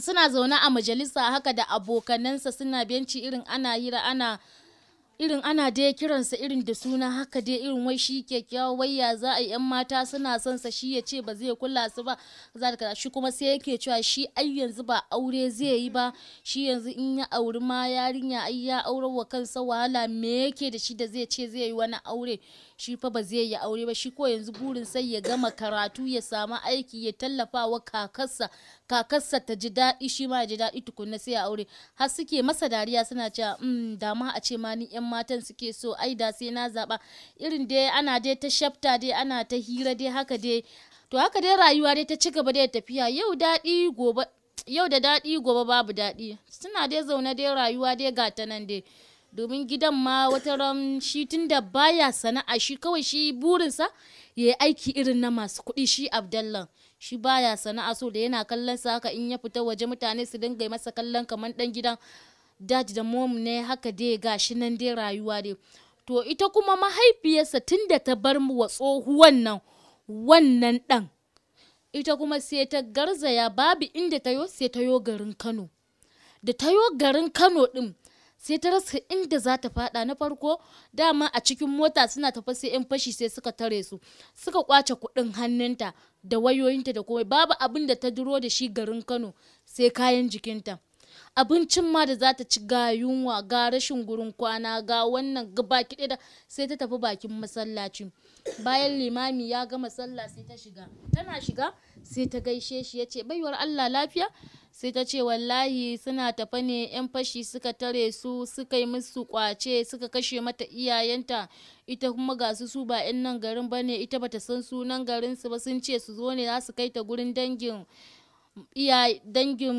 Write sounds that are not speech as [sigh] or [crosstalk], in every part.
suna zaune a majalisa haka da abokanansa suna benci irin ana hira ana irin ana dai kiransa irin da suna haka dai irin wai shi kyakkyawa wai ya za a yan mata suna son sa shi ya ce ba zai kula su ba za ta shi kuma sai yake cewa shi ai yanzu ba aure zai yi ba shi yanzu in ya auri ma yarinya ai ya aure wa kansa wahala me yake da shi da zai ce zai yi wani aure shi fa ba zai yi aure ba shi ko yanzu burin sai ya gama karatu ya samu aiki ya tallafa wa kakarsa kakarsa ta ji daɗi shi ma ya ji daɗi tukunna sai ya aure har suke masa dariya suna cewa mm, dama a ce ma ni yan matan suke so ai da sai na zaɓa irin dai ana dai ta shafta dai ana ta hira dai haka dai to haka dai rayuwa dai ta ci gaba da tafiya yau daɗi gobe yau da daɗi gobe babu daɗi suna dai zaune dai rayuwa dai ga ta nan dai domin gidan ma wata ran shi tun da baya sana'a shi kawai shi burinsa ya yi aiki irin na masu kuɗi shi abdallan shi baya sana'a so da yana kallon sa haka in ya fita waje mutane su dinga masa kallon kamar dan gidan Daji da mom ne haka dai gashi nan dai rayuwa dai to ita kuma mahaifiyarsa tunda ta bar mu wa tsohuwan nan wannan dan ita kuma sai ta garzaya babu inda tayo sai tayo garin Kano da tayo garin Kano din sai ta rasa inda za ta fada na farko dama a cikin mota suna tafa sai yan fashi sai suka tare su suka kwace kudin hannunta da wayoyinta da komai babu abin da ta duro da shi garin kano sai kayan jikinta abincin ma da za ta ci ga yunwa ga rashin gurin kwana ga wannan gaba kiɗe da sai ta tafi bakin masallaci bayan limami ya gama sallah sai ta shiga tana shiga sai ta gaishe shi ya ce baiwar allah lafiya sai ta ce wallahi suna tafa ne 'yan fashi suka tare su suka yi musu kwace suka kashe mata iyayenta ita kuma ga su su ba 'yan nan garin bane ita bata san sunan garin su ba sun ce su zo ne za su kai ta gurin dangin iya dangin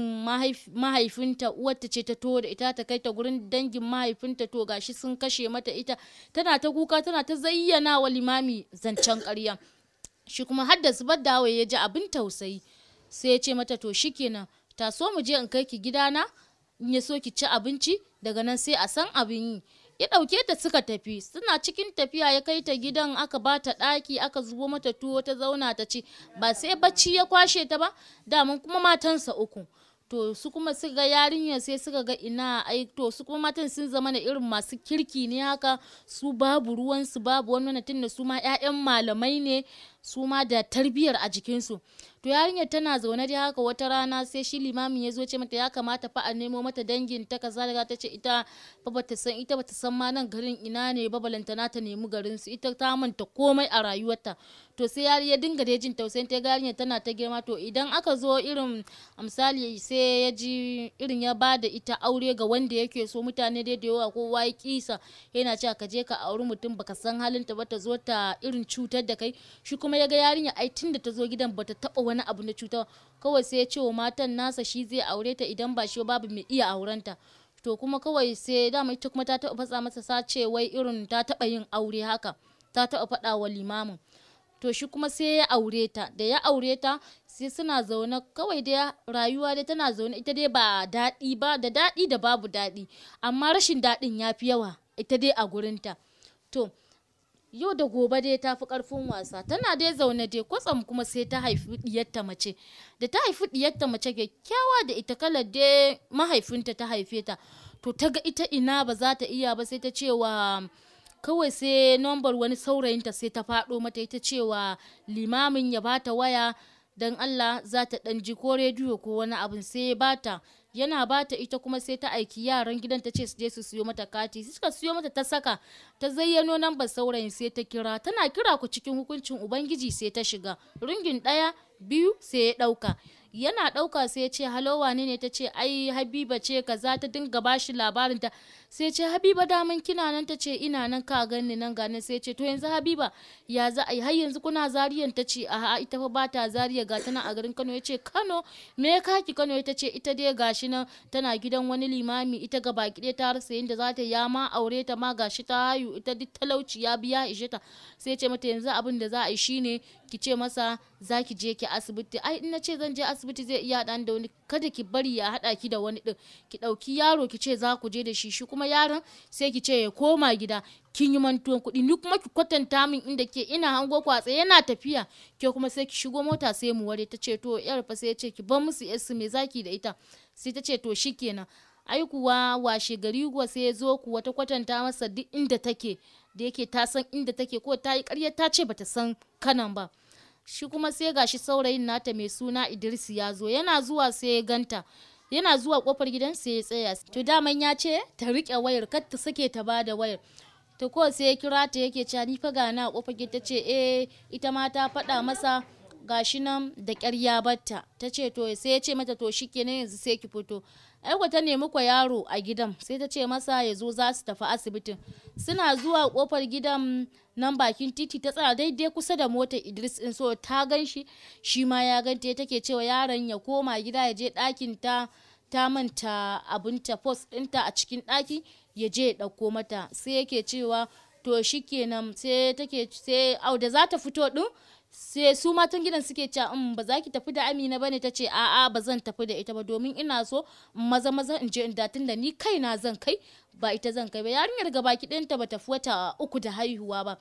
mahaifinta uwarta ce ta toho da ita ta kai ta gurin dangin mahaifinta to gashi sun kashe mata ita tana ta kuka tana ta zayyana wa limami zancen karya. shi kuma har da zubar da ya ji abin tausayi sai ya ce mata to shi kenan ta so mu je in kai ki gidana in ya so ki ci abinci daga nan sai a san abin yi ya ɗauke ta suka tafi suna cikin tafiya ya kai ta gidan aka ba ta ɗaki aka zubo mata tuwo ta zauna ta ci ba sai bacci ya kwashe ta ba damun kuma matansa uku to su kuma su ga yarinyar sai suka ga ina ai to su kuma matan sun zama na irin masu kirki ne haka su babu ruwansu babu wani tunda su ma 'ya'yan malamai ne su ma da tarbiyar a jikinsu to yarinyar tana zaune dai haka wata rana sai shi limamin ya zo ce mata ya kamata fa a nemo mata dangin ta kaza daga ta ce ita ba bata san ita bata san ma nan garin ina ne ba na ta nemi garin su ita ta manta komai a rayuwarta to sai yari ya dinga da jin tausayin ta yarinyar tana ta girma to idan aka zo irin misali sai ya ji irin ya ba da ita aure ga wanda yake so mutane dai da yawa kowa ya kisa yana cewa ka je ka auri mutum baka san halinta ba ta zo ta irin cutar da kai shi kuma kuma ya ga yarinya ai tun da ta zo gidan bata taba wani abu na cuta kawai sai ya ce wa matan nasa shi zai aure ta idan ba shi babu mai iya aurenta to kuma kawai sai dama ita kuma ta taba fasa masa sace wai irin ta taba yin aure haka ta taba fada wa limamin to shi kuma sai ya aure ta da ya aure ta sai suna zaune kawai da rayuwa dai tana zaune ita dai ba daɗi ba da daɗi da babu daɗi amma rashin daɗin ya fi yawa ita dai a gurinta to yau da gobe dai ta fi karfin wasa tana dai zaune dai kwatsam kuma sai ta haifi diyarta mace da ta haifi diyarta mace kyakkyawa da ita kala dai mahaifinta ta haife ta to ta ga ita ina ba za ta iya ba sai ta cewa kawai sai nombar wani saurayinta sai ta faɗo mata ita cewa limamin ya bata waya dan Allah za ta ɗan ji ko rediyo ko wani abu sai ya bata yana ba ta ita kuma sai ta aiki yaran gidan ta ce su je su siyo mata kati suka siyo mata ta saka ta zayyano nan ba saurayin sai ta kira tana kira ku cikin hukuncin ubangiji sai ta shiga ringin ɗaya biyu sai ya ɗauka yana ɗauka sai ya ce halo ne ne ta ce ai habiba ce kaza ta dinga bashi labarin ta sai ce habiba daman kina nan ta ce ina nan ka ganni nan gane sai ce to yanzu habiba ya za a har yanzu kuna zariyan ta ce a ita fa bata zariya ga tana a garin kano ya ce kano me ya kaki kano ya ce ita dai gashi nan tana gidan wani limami ita ga baki ɗaya ta rasa yadda za ta ya ma aure ta ma gashi ta hayu ita duk talauci ya biya ishe ta sai ce mata yanzu abin da za a yi shine ki ce masa za ki je ki asibiti ai in na ce zan je asibiti zai iya dan da wani kada ki bari ya haɗa ki da wani ɗin ki ɗauki yaro ki ce za ku je da shi shi kuma yaron sai ki ce ya koma gida kin yi mantuwan kuɗi ni kuma ki kwatanta min inda ke ina hango kwatsa yana tafiya ke kuma sai ki shigo mota sai mu ware ta ce to yar fa sai ya ce ki bar musu yarsu mai zaki da ita sai ta ce to shikenan ai kuwa washe gari kuwa sai ya zo kuwa ta kwatanta masa duk inda take da yake ta san inda take ko ta yi ƙarya ta ce bata san kanan ba shi kuma sai gashi saurayin nata mai suna Idris ya zo yana zuwa sai ya ganta yana zuwa kofar gidansu ya tsaya to daman ya ce ta rike wayar kar ta sake ta ba da wayar ta ko sai ya kira ta yake cani ni fa gana a kofar gidan ta ce eh ita ma ta faɗa masa gashi nan da ƙyar ya batta ta ce to sai ya ce mata to shi ne yanzu sai ki fito aiko ta nemi kwa yaro a gidan sai ta ce masa ya zo za su tafi asibitin suna zuwa kofar gidan nan bakin titi ta tsaya daidai kusa da motar idris in so ta gan shi shi ma ya ganta take cewa yaron ya koma gida ya je ɗakin ta ta manta abinta post ɗinta a cikin ɗaki ya je ya ɗauko mata sai yake cewa to shikenan sai take sai au da za ta fito ɗin sai su matan gidan suke cewa in mm, ba za ki tafi da Amina bane tace a'a ba zan tafi da ita ba domin ina so in maza maza in je in da tunda ni kaina zan kai ba ita zan kai ba yarinyar gaba ki ɗinta ba tafi wata uku da haihuwa ba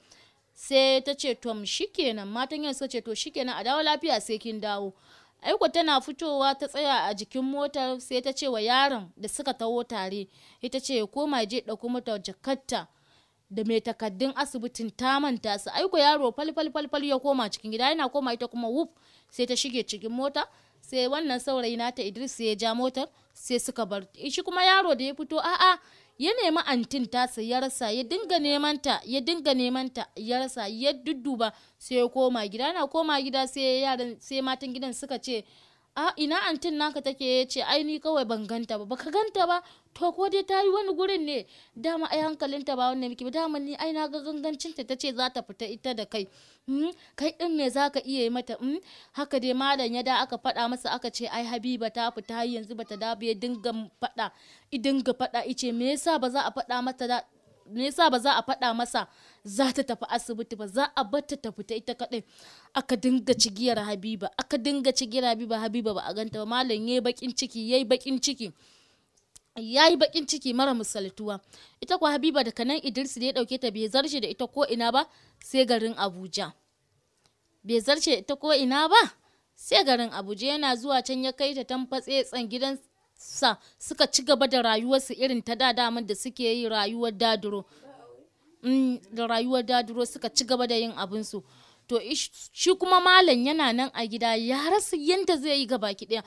sai ta ce to shikenan matan gidan suka ce to shikenan a dawo lafiya sai kin dawo aiko tana fitowa ta tsaya a jikin motar sai ta ce wa yaron da suka taho tare ita ce koma je ɗauko mota jakarta da mai takaddun asibitin ta manta su aiko yaro falfalfalfal fal ya koma cikin gida yana koma ita kuma wuf sai ta shige cikin mota sai wannan saurayi nata Idris ya ja motar sai suka bar eh, shi kuma yaro da ya fito a'a ya nemi antin tasa ya rasa ya dinga neman ta ya dinga neman ta ya rasa ya dudduba sai ya koma gida na koma gida sai yaran sai matan gidan suka ce a ina antin naka take yace, ce ai ni kawai ban ganta ba baka ganta ba to ko dai ta wani gurin ne dama ai hankalinta ba wannan miki dama ni ai na ga gangancinta ta ce za ta fita ita da kai hmm? kai din me zaka iya yi mata hmm? haka dai malam ya da aka fada masa aka ce ai habiba ta fita yanzu bata da dinga faɗa i dinga faɗa ice me yasa ba za a faɗa mata me yasa ba za a faɗa masa za ta tafi asibiti ba za a bata ta fita ita kaɗai aka dinga cigiyar habiba aka dinga cigiyar habiba habiba ba a ganta ba malam yayi bakin ciki yayi bakin ciki ya yi bakin ciki mara musaltuwa. ita kuwa habiba daga nan idris ne ya dauke ta bai zarce da ita ko ina ba sai garin abuja bai zarce da ita ko ina ba sai garin abuja yana zuwa can ya kai ta tamfatse tsan gidan sa suka ci gaba da rayuwarsu irin ta da damar da suke yi rayuwar daduro mm, da rayuwar daduro suka ci gaba da yin abinsu to shi kuma malam yana nan a gida ya rasa yadda zai yi gaba ki ɗaya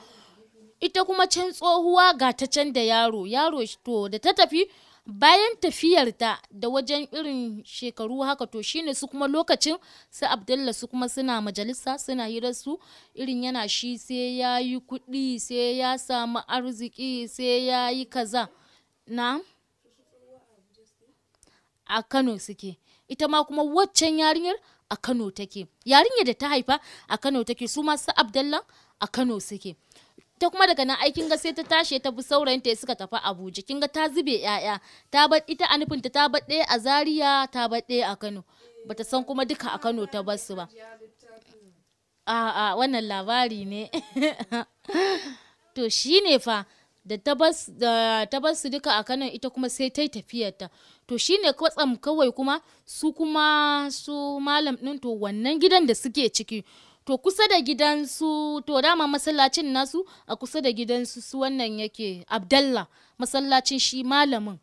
ita kuma can tsohuwa ga ta can da yaro yaro to da ta tafi bayan tafiyarta da wajen irin shekaru haka to shine su kuma lokacin su abdullah su kuma suna majalisa suna hirar su irin yana shi sai ya yi kuɗi sai ya samu arziki sai ya yi kaza na a kano suke ita ma kuma waccan yarinyar a kano take yarinyar da ta haifa a kano take su ma su abdallah a kano suke ta kuma daga nan aikin ga sai ta tashi ta bi saurayin ta suka tafi Abuja kin ga ta zube yaya ta bar ita a nufin ta bar ɗaya a Zaria ta bar ɗaya a Kano bata san kuma duka a Kano ta bar su ba a a wannan labari ne [laughs] to shine fa da ta bar su duka a Kano ita kuma sai ta tafiyar tafiyarta to shine kwatsam kawai kuma su kuma su malam ɗin to wannan gidan da suke ciki to kusa da gidansu to dama masallacin nasu a kusa da gidansu su wannan yake abdallah masallacin shi malamin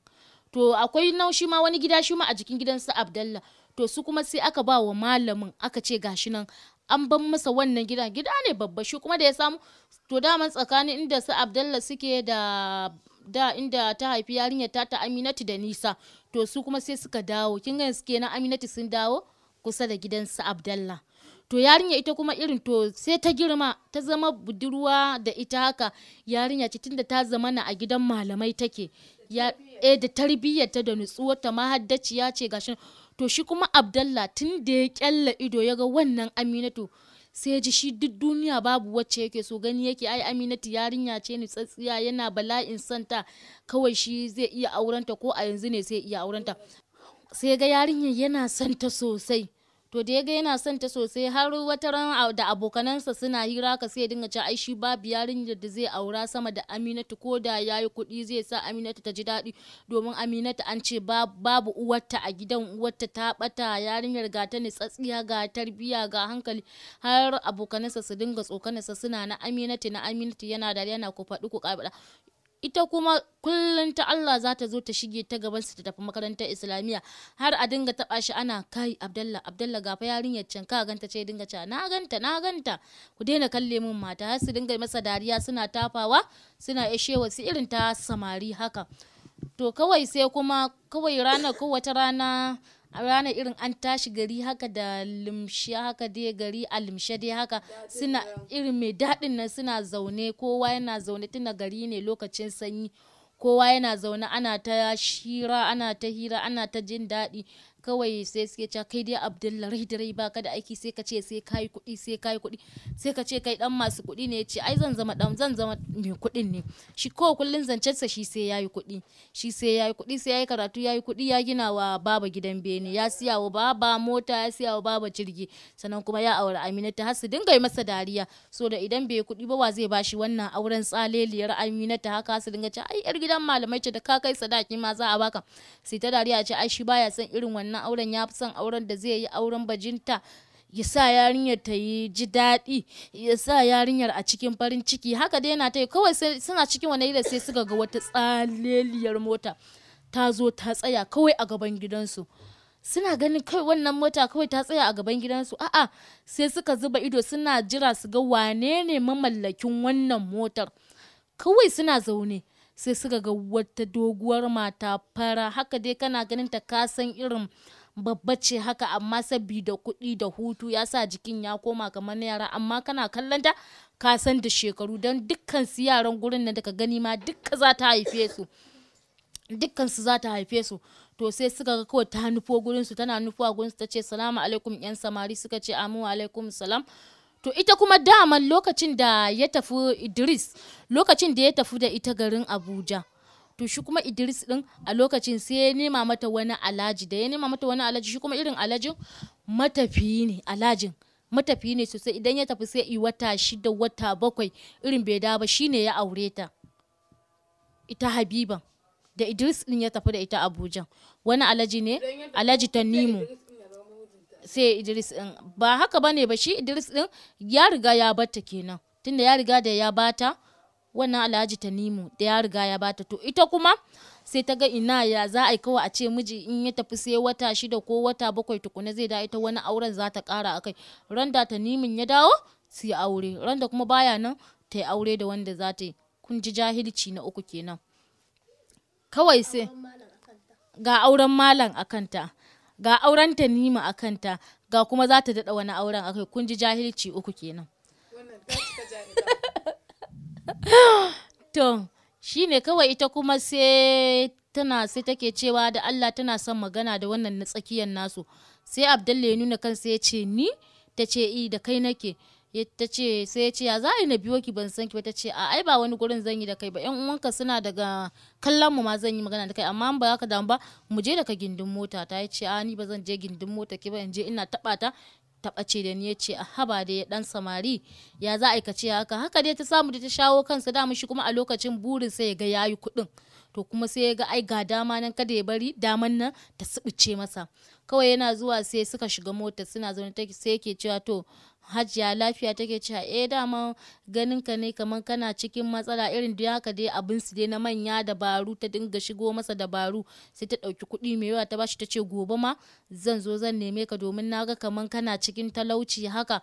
to akwai nau shi ma wani gida shi ma a jikin gidansu abdallah to su kuma sai aka ba wa malamin aka ce gashi nan an ban masa wannan gida gida ne babba shi kuma da ya samu to dama tsakanin inda su abdallah suke da da inda ta haifi yarinyar ta ta aminatu da nisa to su kuma sai suka dawo kin ga suke na aminatu sun dawo kusa da gidansu abdallah to yarinya ita kuma irin to sai ta girma ta zama budurwa da ita haka yarinya ce tunda ta zama na a gidan malamai take ya e da tarbiyyarta da nutsuwarta mahaddaciya ce gashin to shi kuma abdallah tun da ya kyalla ido ya ga wannan aminatu sai ji shi duk duniya babu wacce yake so gani yake ai aminatu yarinya ce ni tsatsiya yana bala'in santa kawai shi zai iya aurenta ko a yanzu ne sai iya aurenta sai ga yarinya yana santa sosai to da ya ga yana son ta sosai har wata ran da abokanansa suna hira ka sai ya dinga ci ai shi babu yarinyar da zai aura sama da Aminatu ko da yayi kuɗi zai sa Aminatu ta ji daɗi domin Aminatu an ce babu uwarta a gidan uwarta ta bata yarinyar ga ta tsatsiya ga tarbiya ga hankali har abokanansa su dinga tsokanarsa suna na Aminatu na Aminatu yana da yana ku faɗi ku kabila ita kuma kullum ta Allah za ta zo ta shige ta gaban su ta tafi makarantar islamiyya har a dinga taba shi ana kai Abdallah Abdallah gafa yarinyar can ka ganta ce dinga cewa na ganta na ganta ku daina kalle mun mata har su dinga masa dariya suna tafawa suna ishewa su irin ta samari haka to kawai sai kuma kawai ranar ko wata rana a ranar irin an tashi gari haka da limshi haka dai gari a limshe dai haka suna irin mai daɗin nan suna zaune kowa yana zaune tunda gari ne lokacin sanyi kowa yana zaune ana ta shira ana ta hira ana ta jin daɗi kawai sai suke cewa kai dai abdullahi dare ba ka da aiki sai ka ce sai kai kuɗi sai kai kuɗi sai ka ce kai dan masu kuɗi ne ce ai zan zama dan zan zama mai kuɗin ne shi ko kullun zancensa shi sai yayi kuɗi shi sai yayi kuɗi sai yayi karatu yayi kuɗi ya gina wa baba gidan bene ya siya wa baba mota ya siya wa baba jirgi sannan kuma ya aure Aminata har su dinga yi masa dariya so da idan bai kuɗi ba wa zai bashi wannan auren tsaleliyar Aminata haka su dinga ce ai yar gidan malamai ce da ka kai sadaki ma za a baka sai ta dariya ce ai shi baya son irin wannan wannan auren ya fi son auren da zai yi auren bajinta ya sa yarinyar ta yi ji daɗi ya sa yarinyar a cikin farin ciki haka dai yana ta yi kawai suna cikin wani ila sai suka ga wata tsaleliyar mota ta zo ta tsaya kawai a gaban gidansu suna ganin kai wannan mota kawai ta tsaya a gaban gidansu a'a sai suka zuba ido suna jira su ga wane ne mamallakin wannan motar kawai suna zaune sai suka ga wata doguwar mata fara haka dai kana ganin ta kasan irin babba ce haka amma da kuɗi da hutu ya sa jikin ya koma kamar yara amma kana kallon ta ka san da shekaru don dukkan su yaran gurin nan daga gani ma dukka za ta haife su dukkan su za ta haife su to sai suka ga kawai ta nufo gurin su tana a gurin su ta ce salamu alaikum yan samari suka ce amu alaikum salam To ita kuma daman lokacin da ya tafi Idris, lokacin da ya tafi da ita garin Abuja. To shi kuma Idris din a lokacin sai ya nema mata wani alaji, da ya nema mata wani alaji shi kuma irin alajin matafiyi ne, alajin. Matafiyi ne sosai idan ya tafi sai i wata shida wata bakwai irin bai da ba shine ya aure ta. Ita Habiba, Da Idris din ya tafi da ita Abuja. Wani alaji ne? Alaji ta Nimo. sai Idris din ba haka bane ba shi Idris din ya riga ya batta kenan tunda ya riga da ya bata wannan Alhaji Tanimu da ya riga ya bata to ita kuma sai ta ga ina ya za a yi kawai a ce miji in ya tafi sai wata shida ko wata bakwai tukuna zai da ita wani auren za ta kara akai randa Tanimin ya dawo su aure randa kuma baya nan ta aure da wanda za ta yi kun ji jahilci na uku kenan kawai sai ga auren malam a kanta ga auren ta nima a kanta ga kuma za ta daɗa wani auren akai kun ji jahilci uku kenan [laughs] to shi ne kawai ita kuma sai tana sai take cewa da Allah tana son magana da wannan na tsakiyar nasu sai Abdullahi ya nuna kansa ya ce ni ta ce i eh, da kai nake ta ce sai ya ce ya za na biyo ki ban san ki ba ta ce a ai ba wani gurin zan yi da kai ba yan uwanka suna daga kallon mu ma zan yi magana da kai amma ba ka damu ba mu je daga gindin mota ta ya ce a ni ba zan je gindin mota ki ba in je ina taba ta taba ce da ni ya ce a haba da ya dan samari ya za a aikace haka haka dai ta samu da ta shawo kansa da shi kuma a lokacin burin sai ya ga yayi kuɗin. to kuma sai ya ga ai ga dama nan kada ya bari daman nan ta sibice masa kawai yana zuwa sai suka shiga mota suna zaune take sai yake cewa to hajiya lafiya take cewa eh dama ganin ka ne kamar kana cikin matsala irin da haka dai abin su dai na manya dabaru ta dinga shigo masa dabaru sai ta dauki kuɗi mai yawa ta bashi ta ce gobe ma zan zo zan neme ka domin naga kaman kana cikin talauci haka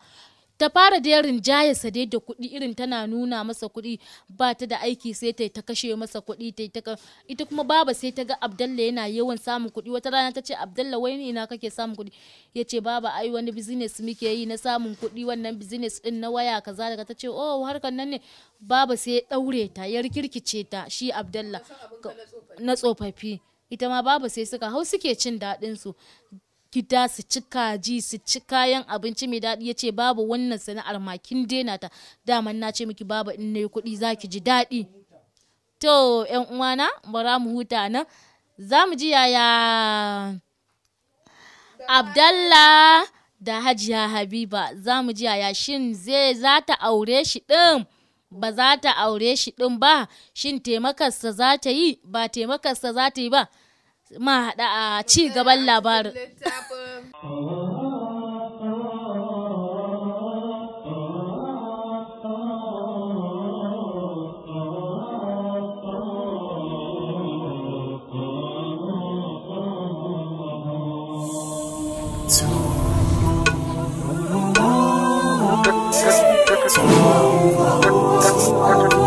ta fara da jaya sa da kuɗi irin tana nuna masa kuɗi ba ta da aiki sai ta ta kashe masa kuɗi ta ta ita kuma baba sai ta ga Abdalla yana yawan samun kuɗi wata rana ta ce Abdalla wai ni na kake samun kuɗi ya ce baba ai wani business muke yi na samun kuɗi wannan business din na waya kaza daga ta ce oh harkar nan ne baba sai ya ɗaure ta ya rikirkice ta shi Abdalla na tsofaffi ita ma Baba sai suka hau suke cin daɗin su gida su ci kaji su ci kayan abinci mai daɗi ya ce babu wannan sana'ar makin dena ta daman na ce miki babu in nayi kuɗi za ki ji daɗi to yan uwana bara mu huta nan za mu ji yaya abdallah da hajiya habiba za mu ji yaya shin zai za ta aure shi ɗin ba za ta aure shi ɗin ba shin taimakarsa za ta yi ba taimakarsa za ta yi ba ma a ci gaban labarin. It's